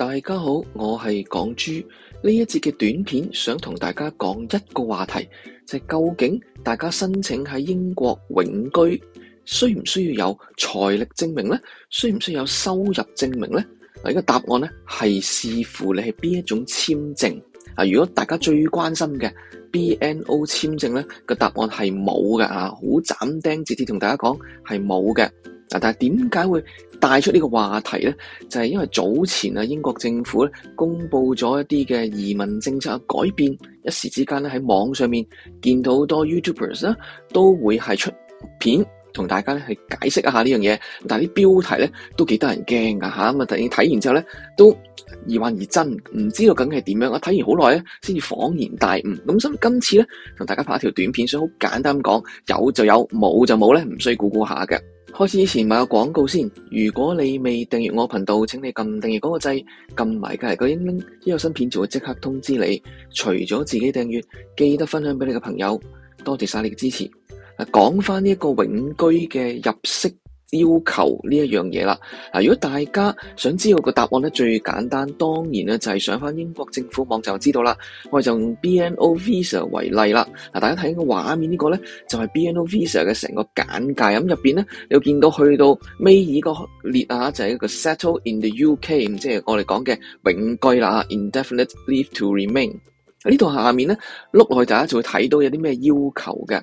大家好，我係港豬。呢一節嘅短片，想同大家講一個話題，就係、是、究竟大家申請喺英國永居，需唔需要有財力證明呢？需唔需要有收入證明呢？嗱、這，個答案呢，係視乎你係邊一種簽證啊。如果大家最關心嘅 BNO 簽證呢，個答案係冇嘅啊，好斬釘截鐵同大家講係冇嘅。嗱，但係點解會帶出呢個話題咧？就係因為早前啊，英國政府咧公布咗一啲嘅移民政策改變，一時之間咧喺網上面見到好多 YouTubers 啦，都會係出片同大家咧去解釋一下呢樣嘢。但係啲標題咧都幾得人驚噶吓咁啊！突然睇完之後咧都疑幻疑真，唔知道究竟係點樣啊？睇完好耐咧，先至恍然大悟。咁今今次咧同大家拍一條短片，想好簡單講，有就有，冇就冇咧，唔需要估估下嘅。開始之前，買個廣告先。如果你未訂閱我頻道，請你撳訂閱嗰個掣，撳埋隔籬個鈴鈴，一有新片就會即刻通知你。除咗自己訂閱，記得分享俾你嘅朋友。多謝晒你嘅支持。講翻呢一個永居嘅入息要求呢一樣嘢啦，嗱，如果大家想知道個答案咧，最簡單當然咧就係上翻英國政府網就知道啦。我哋就用 BNO Visa 為例啦，嗱，大家睇個畫面呢個咧就係 BNO Visa 嘅成個簡介，咁入邊，咧你會見到去到尾二個列啊，就係一個 Settle in the UK，即係我哋講嘅永居啦，Indefinite Leave to Remain。喺呢度下面咧碌落去大家就會睇到有啲咩要求嘅。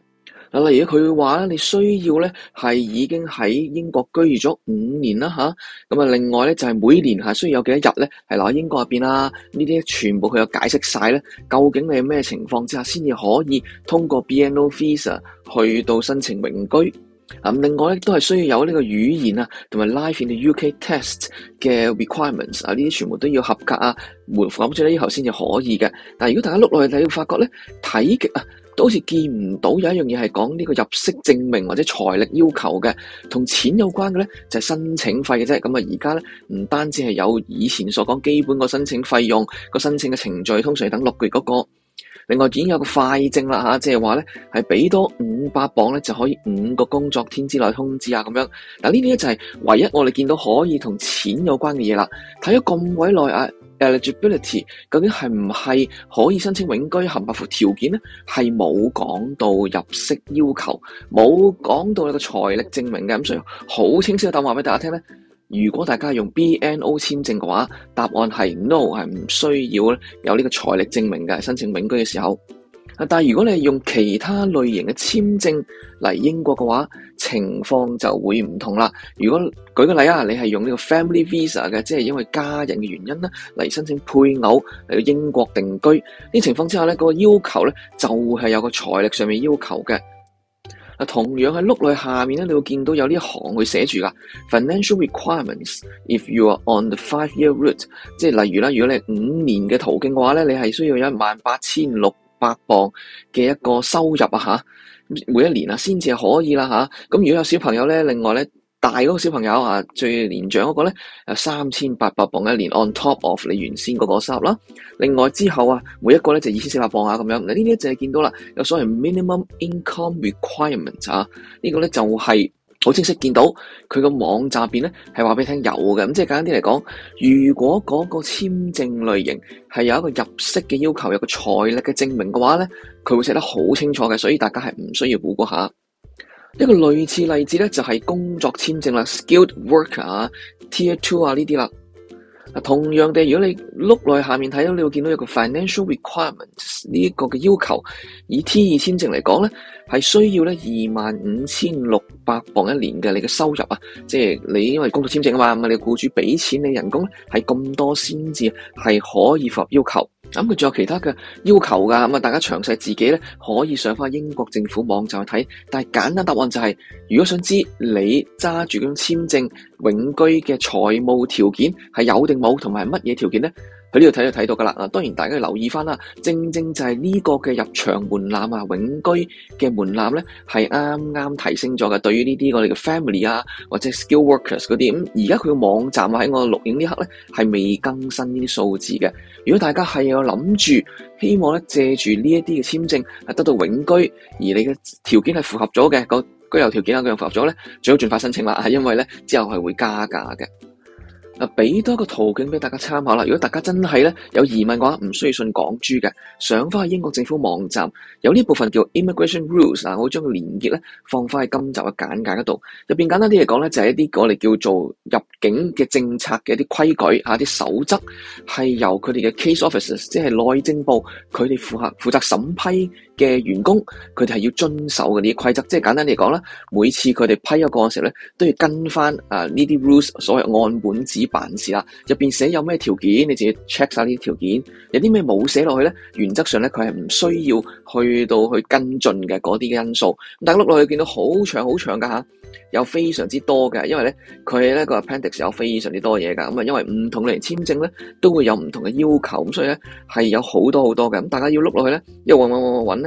嗱，例如佢話咧，你需要咧係已經喺英國居住咗五年啦，嚇。咁啊，另外咧就係每年係需要有幾多日咧係留喺英國入面啦。呢啲全部佢有解釋晒咧，究竟你咩情況之下先至可以通過 BNO Visa 去到申請永居。啊，另外咧都係需要有呢個語言啊，同埋 Life in the UK Test 嘅 Requirements 啊，呢啲全部都要合格啊，滿足咧以後先至可以嘅。但係如果大家碌落去，你會發覺咧睇極啊～都好似見唔到有一樣嘢係講呢個入息證明或者財力要求嘅，同錢有關嘅咧就係申請費嘅啫。咁啊，而家咧唔單止係有以前所講基本個申請費用，個申請嘅程序通常係等六個月嗰個。另外已經有個快證啦吓，即係話咧係俾多五百磅咧就可以五個工作天之內通知啊咁樣。嗱呢啲咧就係唯一我哋見到可以同錢有關嘅嘢啦。睇咗咁鬼耐啊！Eligibility 究竟係唔係可以申請永居，含不符合條件呢？係冇講到入息要求，冇講到你個財力證明嘅，咁，所以好清晰嘅答案話俾大家聽咧。如果大家用 BNO 簽證嘅話，答案係 No，係唔需要咧有呢個財力證明嘅申請永居嘅時候。但如果你係用其他類型嘅簽證嚟英國嘅話，情況就會唔同啦。如果舉個例啊，你係用呢個 family visa 嘅，即係因為家人嘅原因咧嚟申請配偶嚟到英國定居。呢情況之下咧，個、那個要求咧就係、是、有個財力上面要求嘅。啊，同樣喺碌 o 類下面咧，你會見到有呢一行佢寫住噶 financial requirements。If you are on the five year route，即係例如啦，如果你五年嘅途徑嘅話咧，你係需要有一萬八千六百磅嘅一個收入啊，吓每一年啊，先至可以啦，吓，咁如果有小朋友咧，另外咧大嗰個小朋友啊，最年長嗰個咧有三千八百磅一年，on top of 你原先嗰個收入啦。另外之後啊，每一個咧就二千四百磅啊，咁樣嗱，呢啲就係見到啦，有所謂 minimum income requirement 啊，呢個咧就係。好清晰見到佢個網站入邊咧，係話俾你聽有嘅。咁即係簡單啲嚟講，如果嗰個簽證類型係有一個入息嘅要求，有個財力嘅證明嘅話咧，佢會寫得好清楚嘅。所以大家係唔需要估估下。一個類似例子咧，就係工作簽證啦，Skilled Worker、啊、Tier two 啊呢啲啦。同樣地，如果你碌落去下面睇到，你會見到一個 financial requirements 呢個嘅要求，以 T 二簽證嚟講咧，係需要咧二萬五千六百磅一年嘅你嘅收入啊，即係你因為工作簽證啊嘛，咁啊你嘅僱主俾錢你人工咧係咁多先至係可以符合要求。咁佢仲有其他嘅要求噶，咁啊大家詳細自己咧可以上翻英國政府網站去睇，但係簡單答案就係，如果想知你揸住嗰種簽證永居嘅財務條件係有定冇，同埋係乜嘢條件咧？呢度睇就睇到噶啦，啊，當然大家要留意翻啦，正正就係呢個嘅入場門檻啊，永居嘅門檻咧，係啱啱提升咗嘅。對於呢啲我哋嘅 family 啊，或者 skill workers 嗰啲，咁而家佢嘅網站啊，喺我錄影呢一刻咧，係未更新呢啲數字嘅。如果大家係有諗住希望咧借住呢一啲嘅簽證得到永居，而你嘅條件係符合咗嘅個居留條件啊，佢又符合咗咧，最好儘快申請啦，係因為咧之後係會加價嘅。啊，俾多一個途徑俾大家參考啦。如果大家真係咧有疑問嘅話，唔需要信港珠嘅，上翻去英國政府網站，有呢部分叫 Immigration Rules 嗱、就是，我將連結咧放翻喺今集嘅簡介嗰度。入面簡單啲嚟講咧，就係一啲我哋叫做入境嘅政策嘅一啲規矩嚇、啲守則，係由佢哋嘅 Case Officers，即係內政部佢哋負責負責審批。嘅員工，佢哋係要遵守嘅啲規則，即係簡單嚟講啦。每次佢哋批一個嘅時候咧，都要跟翻啊呢啲 rules，所謂按本子辦事啦。入面寫有咩條件，你自己 check 下呢啲條件。有啲咩冇寫落去咧，原則上咧佢係唔需要去到去跟進嘅嗰啲嘅因素。咁但係碌落去見到好長好長噶吓，有非常之多嘅，因為咧佢呢個 appendix 有非常之多嘢噶。咁啊，因為唔同嚟簽證咧都會有唔同嘅要求，咁所以咧係有好多好多嘅。咁大家要碌落去咧，一揾揾揾揾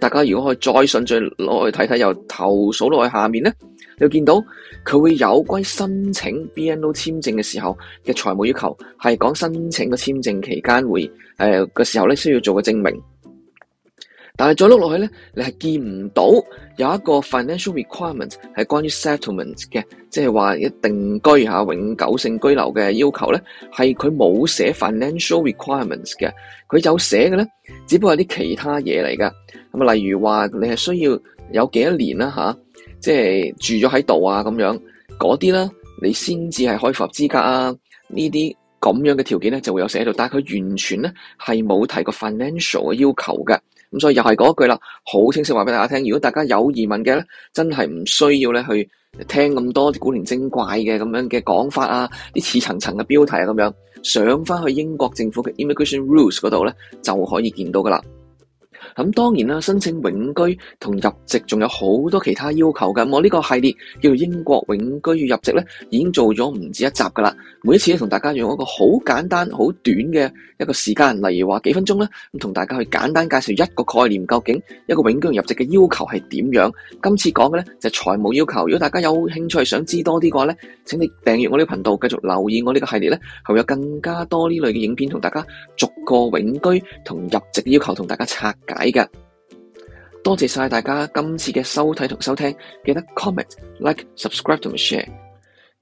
大家如果可以再順序攞去睇睇，由頭數落去下面咧，你會見到佢會有關申請 BNO 簽證嘅時候嘅財務要求，係講申請個簽證期間會誒嘅、呃、時候咧，需要做個證明。但係再碌落去咧，你係見唔到有一個 financial requirement 係關於 settlement 嘅，即係話一定居吓永久性居留嘅要求咧，係佢冇寫 financial requirements 嘅，佢有寫嘅咧，只不過係啲其他嘢嚟噶。咁啊，例如話你係需要有幾多年啦吓，即係住咗喺度啊，咁樣嗰啲咧，你先至係開發資格啊，呢啲咁樣嘅條件咧就會有寫到。但係佢完全咧係冇提過 financial 嘅要求嘅。咁所以又係嗰句啦，好清晰話俾大家聽。如果大家有疑問嘅，真係唔需要去聽咁多啲古靈精怪嘅咁樣嘅講法啊，啲似層層嘅標題啊咁樣，上返去英國政府嘅 Immigration Rules 嗰度呢，就可以見到㗎啦。咁當然啦，申請永居同入籍仲有好多其他要求嘅。我呢個系列叫做《英國永居與入籍》咧，已經做咗唔止一集噶啦。每一次咧，同大家用一個好簡單、好短嘅一個時間，例如話幾分鐘咧，咁同大家去簡單介紹一個概念，究竟一個永居入籍嘅要求係點樣？今次講嘅咧就係財務要求。如果大家有興趣想知多啲嘅話咧，請你訂閱我呢個頻道，繼續留意我呢個系列咧，係會有更加多呢類嘅影片同大家逐個永居同入籍要求同大家拆解。多謝晒大家今次嘅收睇同收聽，記得 comment、like、subscribe 同 share。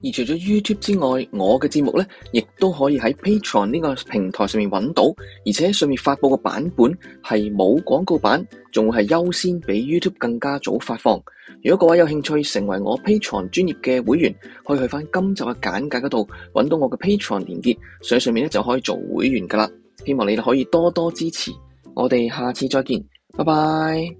而除咗 YouTube 之外，我嘅節目咧，亦都可以喺 Patreon 呢個平台上面搵到，而且上面發佈嘅版本係冇廣告版，仲係優先比 YouTube 更加早發放。如果各位有興趣成為我 Patreon 專業嘅會員，可以去翻今集嘅簡介嗰度搵到我嘅 Patreon 連結，上上面咧就可以做會員噶啦。希望你哋可以多多支持。我哋下次再見，拜拜。